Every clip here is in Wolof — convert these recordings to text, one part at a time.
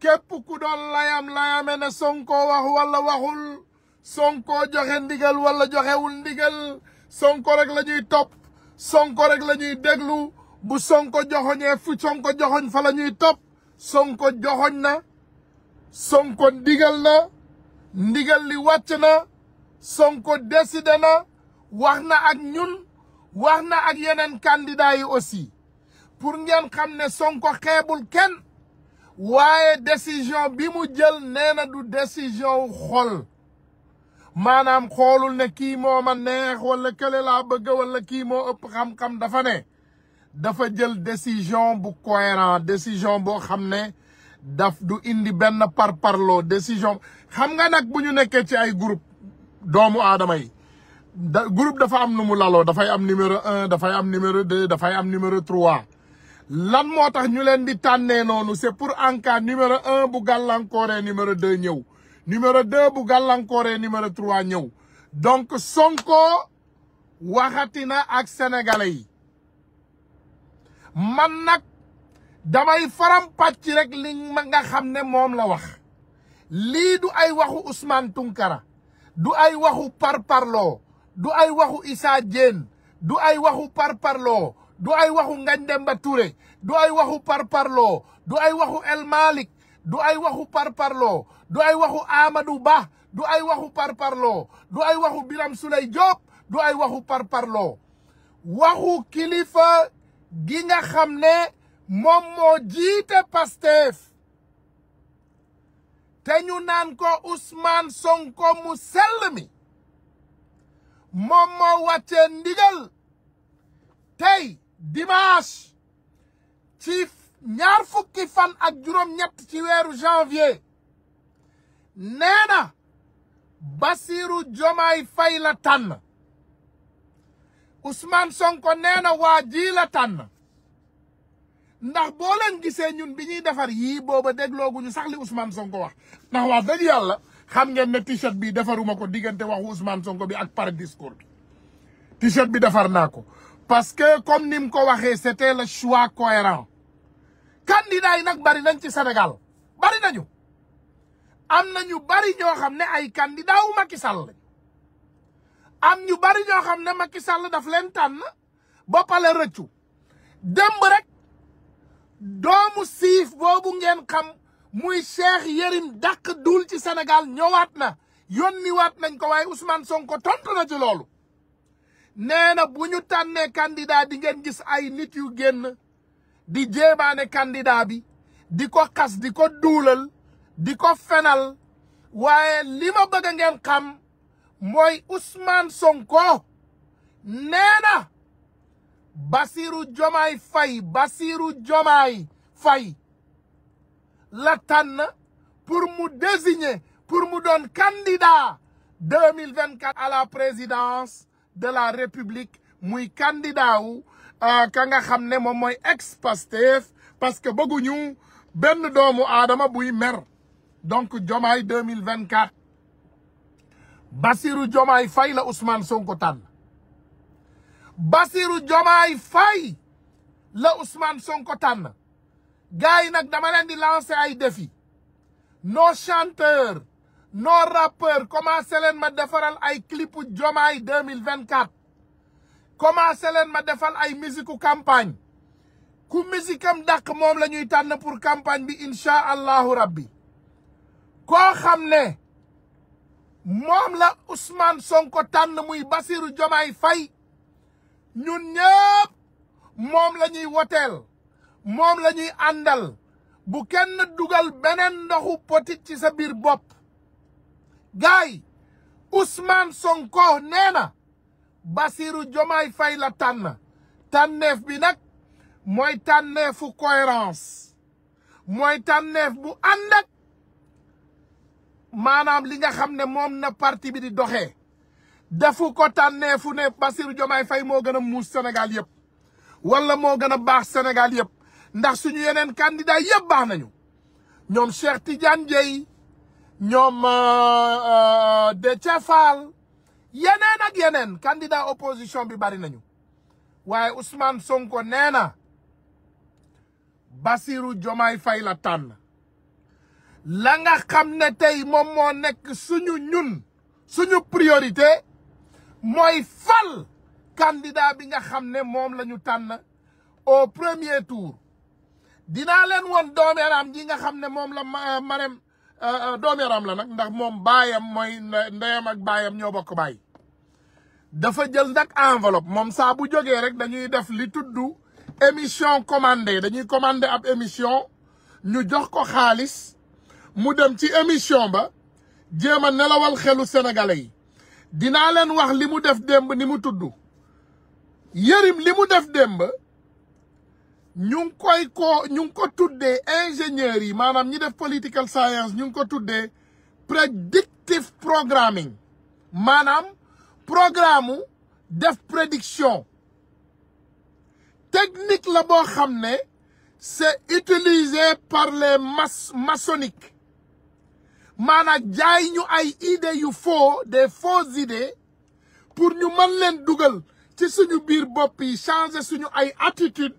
képp ku doon layam-layame ne Sonko wax wala waxul Sonko joxe ndigal wala joxewul ndigal Sonko rek lañuy ñuy topp Sonko rek la ñuy déglu bu Sonko joxoñee fu Sonko joxoñ fala ñuy topp Sonko joxoñ na Sonko ndigal na ndigal li wàcc na Sonko décidé na wax na ak ñun wax na ak yeneen candidats yi aussi pour ngeen xam ne Sonko xeebul kenn waaye décision bi mu jël nee na du décision xol maanaam xoolul ne kii moo ma neex wala kële laa bëgg wala kii moo ëpp xam-xam dafa ne dafa jël décision bu cohérent décision boo xam ne daf du indi benn parparloo décision xam nga nag bu ñu nekkee ci ay groupe doomu aadama yi da groupe dafa am nu mu laloo dafay am numéro un dafay am numéro deux dafay am numéro trois lan motax ñu len di tanné nonu c'est pour encore numéro 1 bu galancoré numéro 2 ñew numéro 2 bu galancoré numéro 3 ñew donc sonko waxatina ak sénégalais man nak damay faram patch rek li nga xamné mom la wax li du ay waxu ousmane tunkara du ay waxu parparlo du ay waxu isa jene du ay waxu parparlo du ay waxu Ngagne du ay waxu parparloo du ay waxu El du ay waxu parparloo du ay waxu Amadou Ba du ay waxu parparloo du ay waxu Biram Souley Diop du ay waxu parparloo waxu kilifa gi nga xam ne moom moo jiite Pastef te ñu naan ko Ousmane Sonko mu sell mi moom moo wàccee ndigal tey dimanche ci ñaar fukki fan ak juroom ñett ci wéru janvier néna basiru jomay fay la tan Ousmane Sonko néna na ji la tan ndax bo len gisé ñun bi sax li Ousmane Sonko wax ndax wa dëg yalla xam ngeen ne t-shirt bi défaruma ko digënté wax Ousmane Sonko bi ak par discours t-shirt bi défar nako parce que comme ni mu ko waxee c'était le choix cohérent candidat yi nag bari nañ ci Sénégal bari nañu am na ñu bari ñoo xam ne ay candidat wu Macky Sall am ñu bari ñoo xam Macky Sall daf leen tànn ba pale rëccu démb rek doomu siif boobu ngeen xam muy Cheikh yerim dak duul ci Sénégal ñëwaat na yónniwaat nañ ko waaye Ousmane Sonko tontu na ci nee na bu ñu tànnee candidat di gis ay nit yu génn di jéemaane candidat bi di ko xas di ko duulal di ko fenal waaye li ma bëgg ngeen xam mooy Ousmane Sonko nee na Basirou Diomaye Faye Basirou Diomaye Faye la tànn pour mu désigner pour mu doon candidat à la présidence de la république moui candidat ou, euh, ka ex Pastef parce que ben ben doomu adama buy mer donc Jomai 2024 Bassirou Jomai, Fay, la Ousmane Sonko tan. Bassirou Jomai, fay la Ousmane Sonko tan. gars nak ay défi nos chanteurs non rappeur commencé leen ma defaral ay clipu Diomaye 2024 commencé ma defal ay musiku campagne ku musikam dàq moom lañuy ñuy tànn pour campagne bi incha allahu rabbi koo xam ne moom la Ousmane Sonko tànn muy Basiru Diomaye fay ñun ñëpp moom la ñuy woteel moom la ñuy àndal bu kenn dugal beneen ndoxu potit ci sa biir bopp gars yi Ousmane Sonko nee na Basirou Diomaye Faye la tànn tànneef bi nag mooy tànneefu cohérence mooy tànneef bu ànd maanaam li nga xam ne moom na parti bi di doxe defu ko tànneefu ne Basirou Diomaye fay moo gën a muus Sénégal yëpp walla moo gën a baax Sénégal yëpp ndax suñu yeneen candidat yëpp baax nañu ñoom Cheikh Tidiane Dieye ñoom euh, euh, Déthié Fall yeneen ak yeneen candidat opposition bi bari nañu waaye Ousmane Sonko nee na Bassirou Diomaye Faye la tànn la nga xam ne tey moom moo nekk suñu ñun suñu priorité mooy fal candidat bi nga xam ne moom lañu ñu tànn au premier tour dinaa leen woon doomeeraam ji nga xam ne moom la euh, Marème Eh, eh, doomi ram la nak ndax mom bayam moy ndeyam ak bayam ño bokk bay dafa jël nak enveloppe mom sa bu joggé rek dañuy def li tuddu émission commandée dañuy commandé ab émission ñu jox ko xaalis mu dem ci émission ba jema nelawal xelu sénégalais yi dinaa leen wax limu def demb ni mu tuddu yërim limu def demb ñu ngi koy ko ñu ngi ko tuddee ingénieurs yi maanaam ñi def political science ñu ngi ko tuddee predictive programming maanaam programme def prédiction technique la boo xam ne c'est utilisé par le mas maçonniques maanaam jaay ñu ay idées yu faux des fausses idées pour ñu mën leen dugal ci suñu biir bopp yi changer suñu ay attitude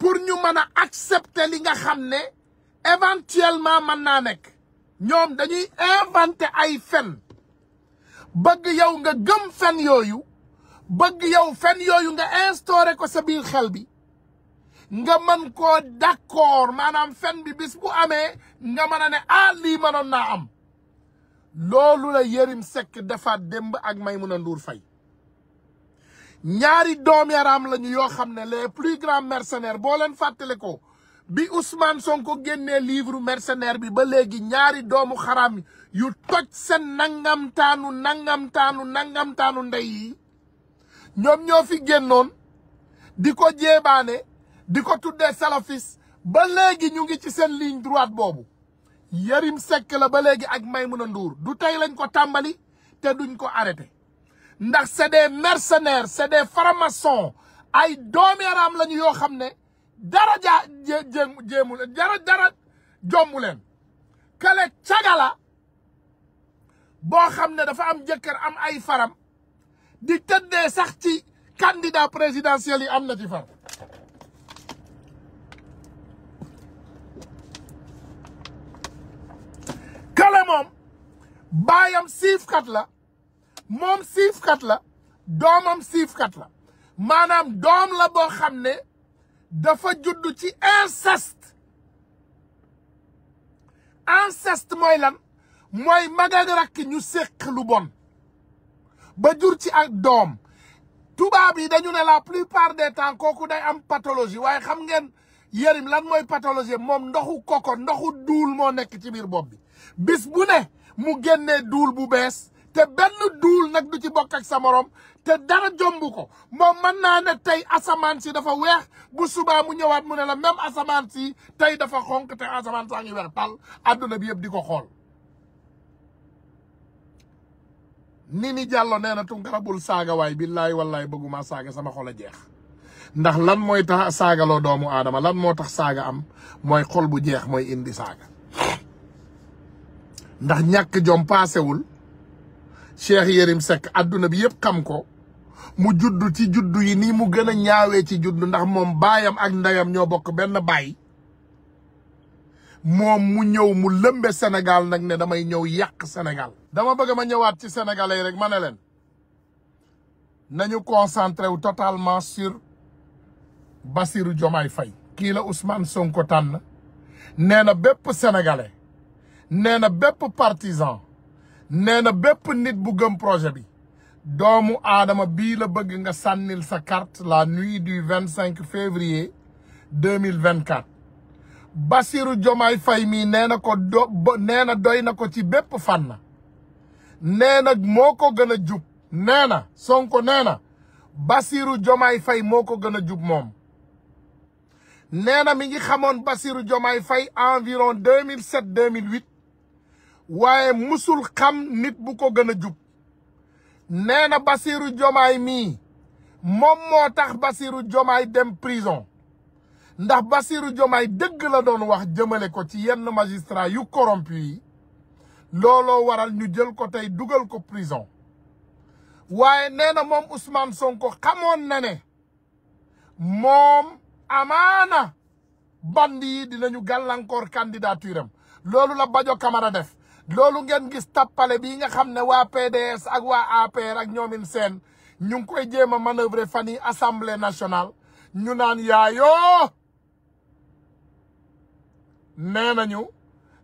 pour ñu mën a accepter li nga xam ne éventuellement mën naa nekk ñoom dañuy inventer ay fen bëgg yow nga gëm fen yooyu bëgg yow fen yooyu nga instore ko sa biir xel bi nga mën koo d'accord maanaam fen bi bis bu amee nga mën a ne ah lii mënoon naa am loolu la Yérim Seck defaat démb ak may Maimouna Ndour Faye ñaari doom yaram lañu yoo xam ne les plus grands mercenaires boo leen fàttale ko bi Ousmane Sonko génnee livre mercenaire bi ba léegi ñaari doomu xaram yu toj seen nangamtaanu nangamtaanu nangamtaanu ndey yi ñoom ñoo fi génnoon di ko jébaane di ko tuddee salofis ba léegi ñu ngi ci seen ligne droite boobu Yérim Seck la ba léegi ak Maïmouna nduur du tey lañ ko tàmbali te duñ ko arrêté ndax c'est des mercenaires c'est des francs ay doomi araam lañu yoo xam ne dara jaa jéemu dara dara jommu leen kale cagala boo xam ne dafa am jëkkër am ay faram di tëddee sax ci candidat présidentiel yi am na ci far kale moom baayam siifkat la moom siifkat la doomam siifkat la maanaam doom la boo xam ne dafa judd ci inceste inceste mooy lan moy mag ak rakk ñu séq lu bon ba jur ci ak doom tubaab yi dañu ne la plupart des temps kooku day am pathologie waaye xam ngeen Yérim lan mooy pathologie moom ndoxu koko ndoxu duul moo nekk ci biir bopp bi bis bu ne mu génne duul bu bees te benn duul nak du ci bokk ak sa morom te dara jombu ko mom man na ne tay asaman si dafa weex bu suba mu ñewat mu ne la même asaman si tay dafa xonk te asaman sa ngi tal aduna bi yeb di xol Nini jallo neena na ngarabul bul way wai wallahi walai saga sama xol la jeex ndax lan saga tax lo doomu adama lan mo tax saga am moy xol bu jeex moy indi saga ndax ñak jom wul Cheikh yerim sek aduna bi yëpp xam ko mu juddu ci juddu yi ni mu gëna ñaawé ci juddu ndax mom bayam ak ndayam ño bok ben bay mom mu ñew mu Sénégal nak ne damay ñew yak Sénégal. dama bëgg ma ñëwaat ci sénégalais rek ma ne nañu concentré wu totalement sur basiru jomay fay ki la Ousmane Sonko tan nee bép sénégalais nee bép partisans Nena na nit bu gëm projet bi doomu adama bi la bëgg nga sa carte la nuit du 25 février 2024. mille vingt quatre mi Diomaye ko do ko ci moko Sonko nena. Basirou Bassirou fay Moko gëna ko mom a mi ngi environ 2007-2008. waaye musul xam nit bu ko gën a jub nee na Basiiru Jomaay mii moom moo tax Basiiru Jomaay dem prison ndax Basiiru Jomaay dëgg la doon wax jëmale ko ci yenn magistrat yu corrompu yi looloo waral ñu jël ko tey dugal ko prison waaye nee na moom Ousmane Sonko xamoon na ne moom amaana band yi dinañu gàllankoor candidature am loolu la bajo kamar a def lolou ngeen gis tapale bi nga xamne ne PDS ak waa APR ak ñoomin seen ñu ngi koy jema a manoeuvrer fan assemblée nationale ñu naan yaayo nenañu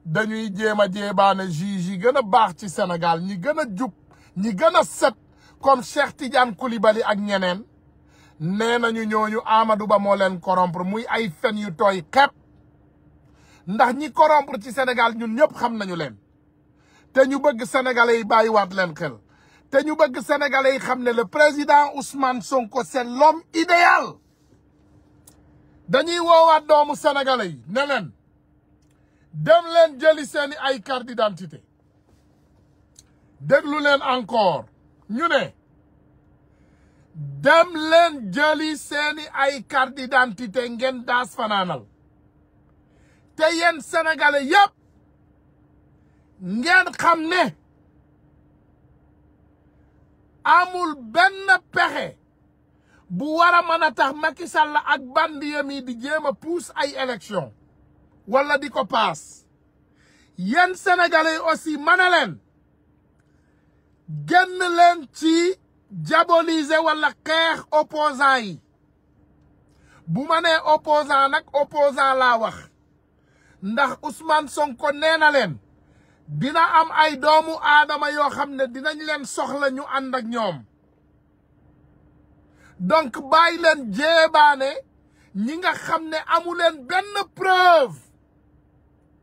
dañuy jema a jiji gëna baax ci Sénégal ñi gëna ñi gëna set comme Cheikh Tidiane Koulibaly ak ñenen nenañu ñoñu Amadou Ba mo leen corrompre muy ay fen yu toy xep ndax ñi corrompre ci Sénégal ñun ñëpp xam leen te ñu bëgg sénégalais yi bàyyiwaat leen xel te ñu bëgg sénégalais yi xam ne le président Ousmane Sonko c'est l'homme idéal dañuy woowaat doomu sénégalais yi ne leen dem leen jëli seeni ay carte d'identité leen encore ñu ne dem leen jëli seeni ay carte d'identité ngeen daas fanaanal te yéen sénégalais yépp ngeen xam ne amul benn pexe bu war a mën a tax Macky Sall ak bandiyam yi di jéem a ay élection wala di ko paas yenn sénégalais aussi ma ne leen génn leen ci diaboliser wala xeex opposant yi bu ma nee opposant nag opposant la wax ndax Ousmane Sonko nee na leen dina am ay doomu aadama yoo xam ne dinañ leen soxla ñu ànd ak ñoom donc bàyyi leen jéebaane ñi nga xam ne amu benn preuve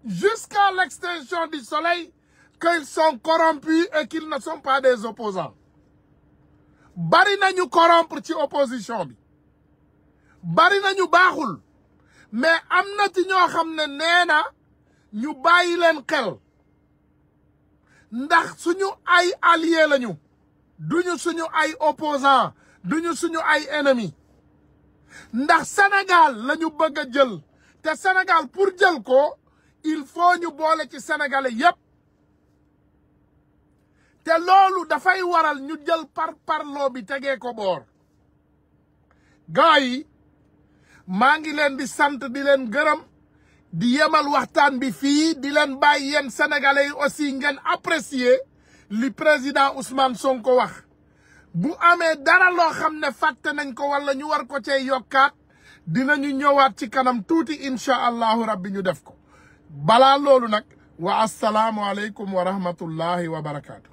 jusqu'à l'extinction du soleil qu'ils sont corrompus et qu'ils ne sont pas des opposants bari nañu corrompre ci opposition bi bari nañu baaxul mais am na ci ñoo xam ne nee na ñu bàyyi ndax suñu ay allié lañu duñu suñu ay opposant duñu suñu ay ennemi ndax Sénégal lañu bëgg a jël te Sénégal pour jël ko il faut ñu boole ci sénégalais yépp te loolu dafay waral ñu jël par bi tegee ko boor gars yi maa ngi leen di sant di leen gërëm di yemal waxtaan bi fii di leen bàyyi yéen sénégalais yi aussi ngeen apprécier li président Ousmane ko wax bu amee dara loo xam ne fàtte nañ ko wala ñu war ko cee yokkaat dinañu ñëwaat ci kanam tuuti incha allahu rabbi ñu def ko balaa loolu nag wa asalaamualeykum wa rahmatullahi wa barakaatu.